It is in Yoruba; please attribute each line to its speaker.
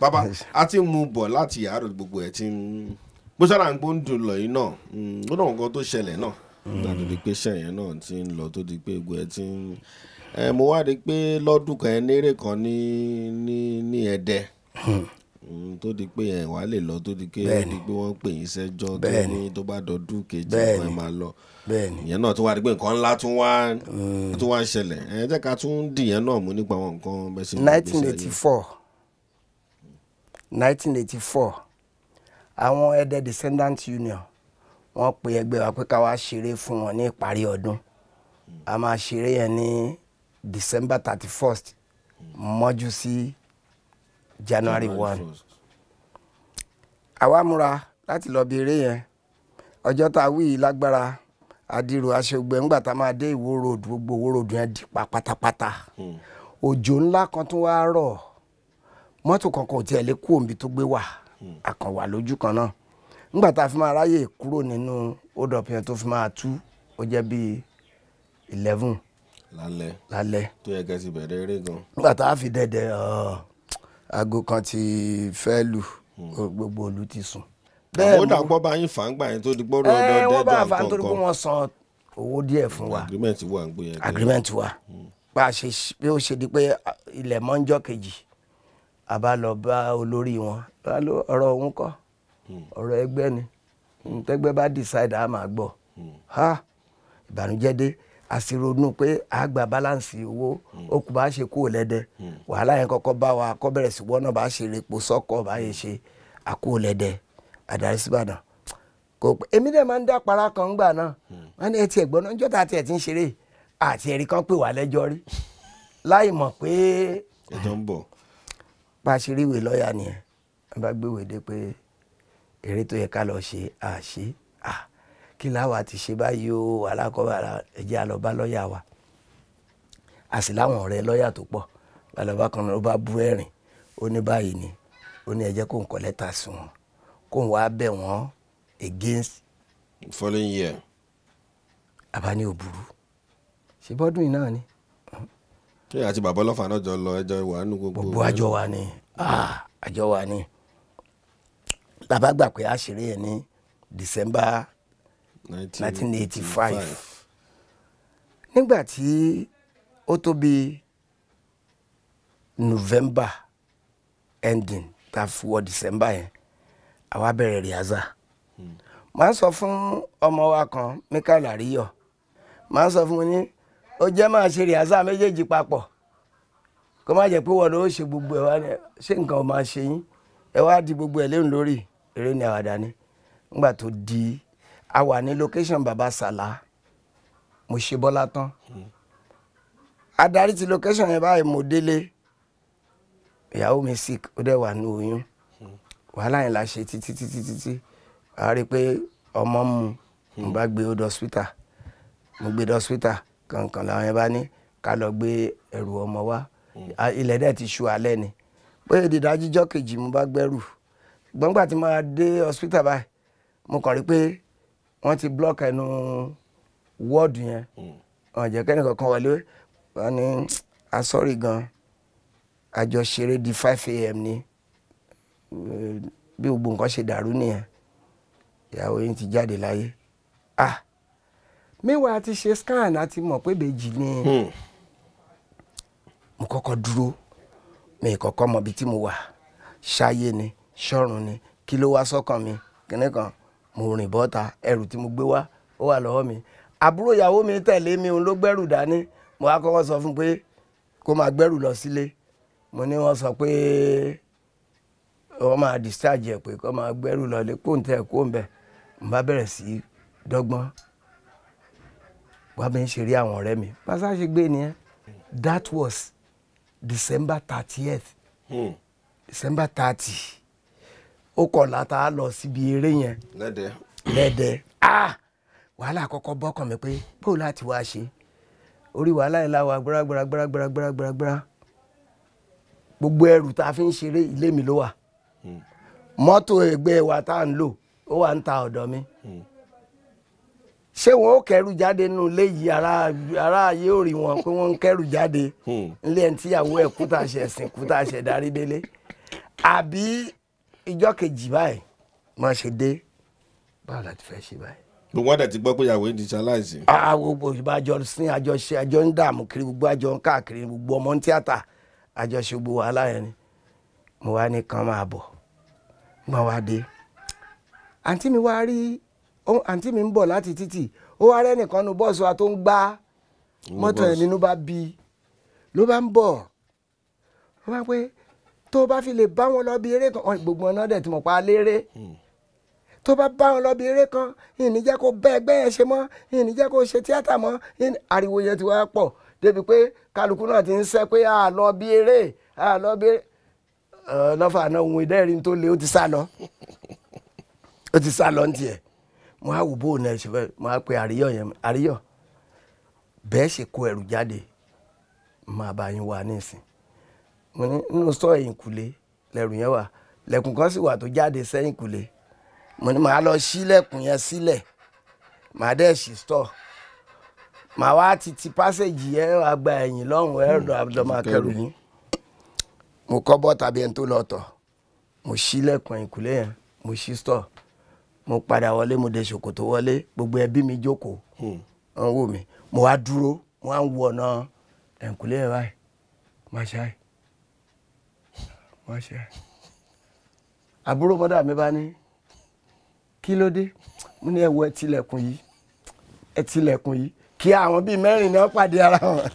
Speaker 1: bàbá a ti mú bọ̀ láti àárọ̀ gbogbo ẹ̀ ti ń bó sára lọ yìí náà mm, ó náà nǹkan tó ṣẹlẹ̀ náà nígbà mm. di pé sẹ́yìn náà ti ń lọ tó di pé gbogbo ẹ̀ ti ń mo wá rí pé lọ́dún kan ẹ kan ní ní ní ẹ̀dẹ́ hmm. mm, tó di pé ẹ wà lè lọ tó di pé ó di pé wọ́n pè yín sẹ́jọ́ tó ní tó bá dọdún kejì ẹ máa lọ ìyẹn náà tó wá rí pé nǹkan ńlá tún wá hmm. tún wá ń ṣẹlẹ̀ ẹ jẹ́ ká tún dìyẹn náà mú nípa àwọn nǹkan bẹ́sẹ̀ 1984
Speaker 2: 1984 àwọn ẹ̀dẹ̀ descendant union wọ́n pe ẹgbẹ́ wa pé ká wá ṣeré fún wọn ní ìparí ọdún a máa ṣeré yẹn ní December 31st mọ́jú sí January 1 àwa múra láti lọ bí eré yẹn ọjọ́ tá a wí yìí lágbára adiro aṣègbè ńgbà tá a máa dé ìwó ròdù gbogbo ìwó ròdù yẹn di pa pátápátá hmm. òjò ńlá kan tún wá rọ̀ mọ́tò kankan ò tiẹ̀ lè kú òǹbi tó gbé wà àkànwà lójú kan náà nígbà tá a fi máa ráyè kúrò nínú odòpì yẹn tó fi máa tú ó jẹ́ bíi eleven. lálẹ́ lálẹ́
Speaker 1: tó yẹ kẹ́sì bẹ̀rẹ̀ eré gan.
Speaker 2: nígbà tá a fi dẹ̀dẹ̀ aago kan ti fẹ́ lù hmm. gbogbo olú ti sùn.
Speaker 1: bẹ́ẹ̀ mo ó dàgbọ́ bá yín fàǹgbà yẹn tó di gbọ́dọ̀ eh, ọdọ dẹ́dọ̀ àkọ́kọ́. ẹ wọ́n bá fà á pé wọ́n san owó díẹ̀ fún wa
Speaker 2: agreement wa ń gbé yẹn. agreement wa hmm. bá a ṣe bí ó ṣe di pé ilẹ̀ mọ́ńjọ́ kejì a bá lọ bá olórí wọn ọ̀rọ̀ òun kọ́ hmm. ọ̀rọ̀ ẹgbẹ́ ni tẹ́gbẹ́ bá decide a máa gbọ́ hmm. ha ìbànújẹ́ dé a sì ronú pé a gba balance owó ó hmm. kù bá ṣe kú lẹ́dẹ wàhálà yẹn kọ́kọ́ bá wa kọ́ bẹ̀rẹ̀ sí wọ́n náà bá ṣe repo sọ́kọ̀ bá yẹn ṣe àkú lẹ́dẹ àdarí síbàdàn kò pé èmi dẹ̀ máa ń dá para kan gbà náà wọ́n ní etí ẹ̀gbọ́n náà jọ́ta ti ń ṣeré àti ẹ̀rí kan pè wá lẹ́jọ́ rí láì mọ̀ pé ẹjọ́ ń bọ̀ bá a ṣe rí ìwé lọ́ọ̀yà nìyẹn wọ́n bá gbé ìwé dé pé eré tó yẹ ká lọ ṣe à ṣe à kí láwa ti ṣe báyìí o alákọ̀ọ́bà ẹ̀jẹ̀ àlọ́bá lọ́ọ̀yà wa a sì láwọn ọ̀rẹ́ lọ́ọ̀yà tó pọ̀ balọ̀bá kan ló bá bú ẹ̀rìn ó ní báyìí ni ó ní ẹ̀jẹ̀ kó ń kọ́ lẹ́tà sí wọn kó ń wá bẹ̀ wọ́n against.
Speaker 1: following year. abani ní òbúrú
Speaker 2: ṣe bọ́dún yìí náà ni
Speaker 1: ṣé àti bàbá ọlọ́fà náà jọ lọ ẹjọ́ ìwà nù gbogbo. gbogbo àjọ wa ni
Speaker 2: ah, àjọ wa ni bàbá gbà pé àṣírí ẹ̀ ní December 1985 nígbà tí ó tó bí November ending tá a fi wọ December yẹn àwa bẹ̀rẹ̀ rìaza hmm. máa sọ fún ọmọ wa kan Michael Àríyọ̀ máa sọ fún un ní ó jẹ́ máa ṣe rìhásà méjèèjì papọ̀ kó má jẹ́ pé wọ́n ló ṣe gbogbo ẹ̀ wá ní ṣé nǹkan máa ṣe yín ẹ wá di gbogbo ẹ̀ léun lórí eré ní àwàdà ni nígbà tó di a wà ní location baba sala mo ṣe bọ́lá tán adarí ti location yẹn báyìí mo délé ìyàwó mi sick ó dẹ̀ wà ní oyún wàhálà yẹn la ṣe títí títí títí a rí i pé ọmọ mu mo bá gbé o e dọ hospital mo gbé e dọ hospital kankan làwọn yẹn bá ní ká lọ gbé ẹrù ọmọ wa ilẹ̀ dẹ̀ ti ṣú alẹ́ ni pé ìdìdájíjọ́ kejì mo bá gbẹ́rù gbọ́ngbà tí máa dé hospital báyìí mo kàn rí pé wọ́n ti block ẹnu wọ́ọ̀dù yẹn wọ́n kẹ́nìkan kan wọlé wọ́n ní asọ́rì ah, gan àjọṣeré di five a.m. ni bí gbogbo nǹkan ṣe dàrú nìyẹn ìyàwó yín ti jáde láyé ah meanwhile ti ṣe scan ti mọ̀ pé bèjì ni hmm. mo kọ́kọ́ dúró mi kọ́kọ́ mọ̀ bí ti mo wà ṣáyé ni ṣọ́run ni kí ló wá sọ́kàn mi kíní kan mo rìn bọ́ta ẹrù tí mo gbé wá ó wà lọ́wọ́ mi àbúrò ìyàwó mi tẹ̀lé mi ló dání mo kọ́kọ́ sọ fún pé lọ sílé mo ní sọ pé discharge wàá bẹ́ẹ̀ ṣe rí àwọn ọ̀rẹ́ mi pásá ṣe gbé nìyẹn that was December thirtieth hmm. December thirty ó kọ̀ọ̀lá tá a lọ síbi eré yẹn lẹ́dẹ̀ lẹ́dẹ̀ ah wàhálà àkọ́kọ́ bọ́kàn mi pé bóò láti wá ṣe orí wàhálà yìí láwa gbáragbáragbáragbáragbáragbára gbogbo ẹrù tá a fi ń ṣeré ilé mi ló wà hmm. mọ́tò ẹgbẹ́ wa tá à ń lò ó wà ń ta ọ̀dọ̀ mi. Hmm ṣé wọn ó kẹrù jáde nínú ilé ara ayé ò rí wọn pé wọn ń kẹrù jáde hmm. nílé ẹni tíyàwó ẹ kúta ṣe ẹsìn kúta ṣe darí délé àbí ìjọ kejì báyìí má ṣe dé
Speaker 1: báwo la ti fẹ́ ṣe báyìí. gbogbo àdá ti gbọ́ pé ìyàwó yìí ti ṣaláìsí.
Speaker 2: àwọn gbogbo àjọ sin àjọ ṣe àjọ ń dààmú kiri gbogbo àjọ ń káàkiri gbogbo ọmọ ń tíátà àjọ ṣe gbogbo wàhálà yẹn ni mo wá ní kàn máa bọ̀ mo wá dé àǹtí mi wá rí àǹtí mi ń bọ̀ láti títì ó wá rẹ́nìkan nu bọ́ọ̀sù wa tó ń gbá mọ́tò ẹ̀ nínú bá bí ló bá ń bọ̀ ló bá pé tó bá fi lè bá wọn lọ bí eré kan gbogbo ọ̀nà dẹ̀ tí mo pa á léré hmm. tó bá bá wọn lọ bí eré kan ìní kó bẹ́ ẹgbẹ́ yẹn ṣe mọ́ ìní kó ṣe tíátà mọ́ ariwo yẹn ti wá pọ̀ débi pé kálukú náà ti ń sẹ́ pé a lọ bí eré a lọ bí lọ́fà náà ohun ìdẹ́rìn tó le ó ti sá lọ ó ti sá lọ ní tiẹ̀ mo á wò bóun náà ṣe fẹ́ mo á pe àríyọ̀ yẹn àríyọ̀ bẹ́ẹ̀ ṣe kó ẹrù jáde máa bá yín wá nísìn mo ní nínú sọ ẹ̀yìn kùlé lẹ́rù yẹn wà lẹ́kùn kan sì wà tó jáde sẹ́yìn kùlé mo ní màá lọ sílẹ̀kùn yẹn sílẹ̀ màá dẹ̀ ṣí store màá wá ti ti pásẹ̀jì yẹn wá gba ẹ̀yìn lọ́hùn ẹ̀rọ àbùdọ̀mọ̀ akẹ́rù yín mo kọ́ bọ́ tàbí ẹni tó lọ tọ̀ mo sílẹ̀kùn ẹ̀yìn kùlé yẹn mo ṣí store mo padà wọlé mo dé ṣòkòtò wọlé gbogbo ẹbí mi jókòó hmm. wọn wò mí mo wá dúró mo wá ń wọ ọ̀nà ẹ̀ǹkúlé ẹ̀ báyìí má ṣe àì má ṣe àì àbúrò mọ́dà mi bá ní kí ló dé mo ní ẹ̀wọ̀ ẹ̀ yìí ẹ̀ yìí kí àwọn bíi mẹ́rin náà pàdé ara wọn.